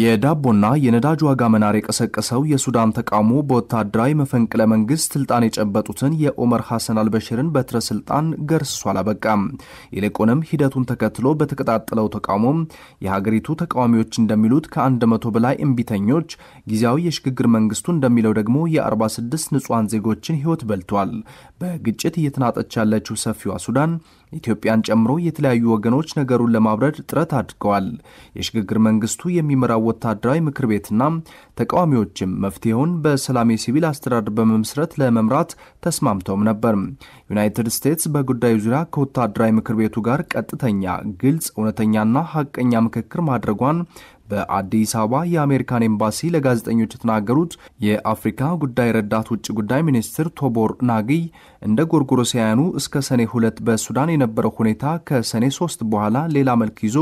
የዳቦና የነዳጅ ዋጋ መናር የቀሰቀሰው የሱዳን ተቃውሞ በወታደራዊ መፈንቅለ መንግስት ስልጣን የጨበጡትን የኦመር ሐሰን አልበሽርን በትረ ስልጣን ገርሶ አላበቃም። ይልቁንም ሂደቱን ተከትሎ በተቀጣጠለው ተቃውሞ የሀገሪቱ ተቃዋሚዎች እንደሚሉት ከአንድ መቶ በላይ እምቢተኞች፣ ጊዜያዊ የሽግግር መንግስቱ እንደሚለው ደግሞ የ46 ንጹሐን ዜጎችን ህይወት በልቷል። በግጭት እየተናጠች ያለችው ሰፊዋ ሱዳን ኢትዮጵያን ጨምሮ የተለያዩ ወገኖች ነገሩን ለማብረድ ጥረት አድርገዋል። የሽግግር መንግስቱ የሚመራው ወታደራዊ ምክር ቤትና ተቃዋሚዎችም መፍትሄውን በሰላም የሲቪል አስተዳደር በመመስረት ለመምራት ተስማምተውም ነበር። ዩናይትድ ስቴትስ በጉዳዩ ዙሪያ ከወታደራዊ ምክር ቤቱ ጋር ቀጥተኛ፣ ግልጽ፣ እውነተኛና ሀቀኛ ምክክር ማድረጓን በአዲስ አበባ የአሜሪካን ኤምባሲ ለጋዜጠኞች የተናገሩት የአፍሪካ ጉዳይ ረዳት ውጭ ጉዳይ ሚኒስትር ቶቦር ናግይ እንደ ጎርጎሮሲያኑ እስከ ሰኔ ሁለት በሱዳን የነበረው ሁኔታ ከሰኔ ሶስት በኋላ ሌላ መልክ ይዞ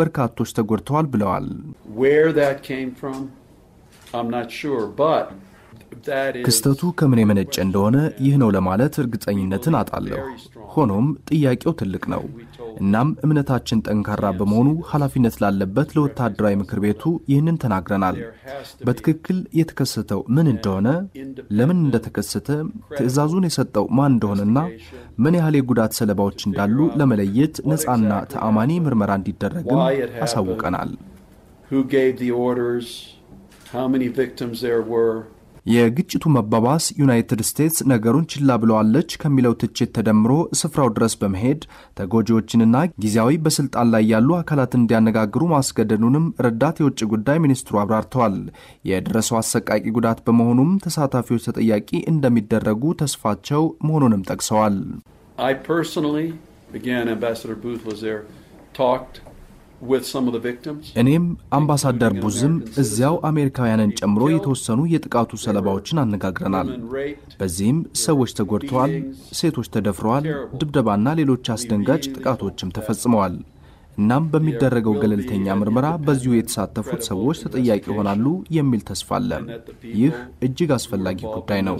በርካቶች ተጎድተዋል ብለዋል። ክስተቱ ከምን የመነጨ እንደሆነ ይህ ነው ለማለት እርግጠኝነትን አጣለሁ። ሆኖም ጥያቄው ትልቅ ነው። እናም እምነታችን ጠንካራ በመሆኑ ኃላፊነት ላለበት ለወታደራዊ ምክር ቤቱ ይህንን ተናግረናል። በትክክል የተከሰተው ምን እንደሆነ፣ ለምን እንደተከሰተ፣ ትዕዛዙን የሰጠው ማን እንደሆነና ምን ያህል የጉዳት ሰለባዎች እንዳሉ ለመለየት ነፃና ተአማኒ ምርመራ እንዲደረግም አሳውቀናል። የግጭቱ መባባስ ዩናይትድ ስቴትስ ነገሩን ችላ ብለዋለች ከሚለው ትችት ተደምሮ ስፍራው ድረስ በመሄድ ተጎጂዎችንና ጊዜያዊ በስልጣን ላይ ያሉ አካላት እንዲያነጋግሩ ማስገደዱንም ረዳት የውጭ ጉዳይ ሚኒስትሩ አብራርተዋል። የደረሰው አሰቃቂ ጉዳት በመሆኑም ተሳታፊዎች ተጠያቂ እንደሚደረጉ ተስፋቸው መሆኑንም ጠቅሰዋል። እኔም አምባሳደር ቡዝም እዚያው አሜሪካውያንን ጨምሮ የተወሰኑ የጥቃቱ ሰለባዎችን አነጋግረናል። በዚህም ሰዎች ተጎድተዋል፣ ሴቶች ተደፍረዋል፣ ድብደባና ሌሎች አስደንጋጭ ጥቃቶችም ተፈጽመዋል። እናም በሚደረገው ገለልተኛ ምርመራ በዚሁ የተሳተፉት ሰዎች ተጠያቂ ይሆናሉ የሚል ተስፋ አለ። ይህ እጅግ አስፈላጊ ጉዳይ ነው።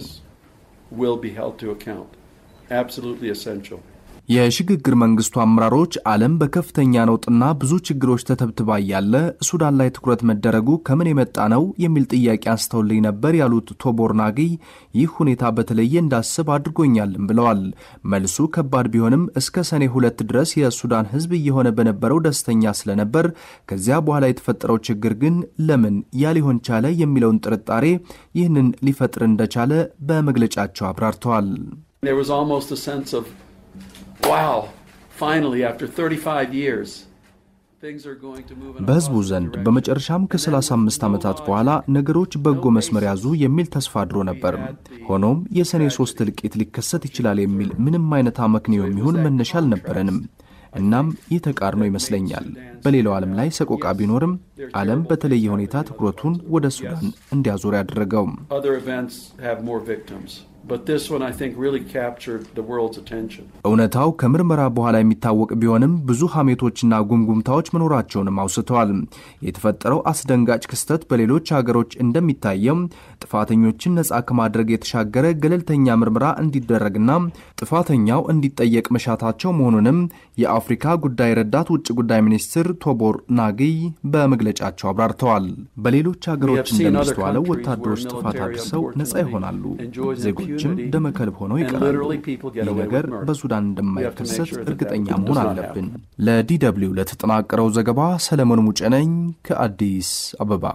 የሽግግር መንግስቱ አመራሮች ዓለም በከፍተኛ ነውጥና ብዙ ችግሮች ተተብትባ ያለ ሱዳን ላይ ትኩረት መደረጉ ከምን የመጣ ነው የሚል ጥያቄ አንስተውልኝ ነበር ያሉት ቶቦርናጊ ይህ ሁኔታ በተለየ እንዳስብ አድርጎኛልም ብለዋል። መልሱ ከባድ ቢሆንም እስከ ሰኔ ሁለት ድረስ የሱዳን ህዝብ እየሆነ በነበረው ደስተኛ ስለነበር ከዚያ በኋላ የተፈጠረው ችግር ግን ለምን ያ ሊሆን ቻለ የሚለውን ጥርጣሬ ይህንን ሊፈጥር እንደቻለ በመግለጫቸው አብራርተዋል። wow, finally after 35 years. በህዝቡ ዘንድ በመጨረሻም ከ35 ዓመታት በኋላ ነገሮች በጎ መስመር ያዙ የሚል ተስፋ አድሮ ነበር። ሆኖም የሰኔ ሶስት እልቂት ሊከሰት ይችላል የሚል ምንም አይነት አመክንዮ የሚሆን መነሻ አልነበረንም። እናም ይህ ተቃርኖ ይመስለኛል በሌላው ዓለም ላይ ሰቆቃ ቢኖርም ዓለም በተለየ ሁኔታ ትኩረቱን ወደ ሱዳን እንዲያዞር ያደረገው። እውነታው ከምርመራ በኋላ የሚታወቅ ቢሆንም ብዙ ሀሜቶችና ጉምጉምታዎች መኖራቸውንም አውስተዋል። የተፈጠረው አስደንጋጭ ክስተት በሌሎች ሀገሮች እንደሚታየው ጥፋተኞችን ነጻ ከማድረግ የተሻገረ ገለልተኛ ምርመራ እንዲደረግና ጥፋተኛው እንዲጠየቅ መሻታቸው መሆኑንም የአፍሪካ ጉዳይ ረዳት ውጭ ጉዳይ ሚኒስትር ቶቦር ናግይ በመግለጫቸው አብራርተዋል። በሌሎች ሀገሮች እንደሚስተዋለው ወታደሮች ጥፋት አድርሰው ነጻ ይሆናሉ ዜጎች ሰዎችም ደመከልብ ሆነው ይቀራሉ። ይህ ነገር በሱዳን እንደማይከሰት እርግጠኛ መሆን አለብን። ለዲ ደብልዩ ለተጠናቀረው ዘገባ ሰለሞን ሙጨነኝ ከአዲስ አበባ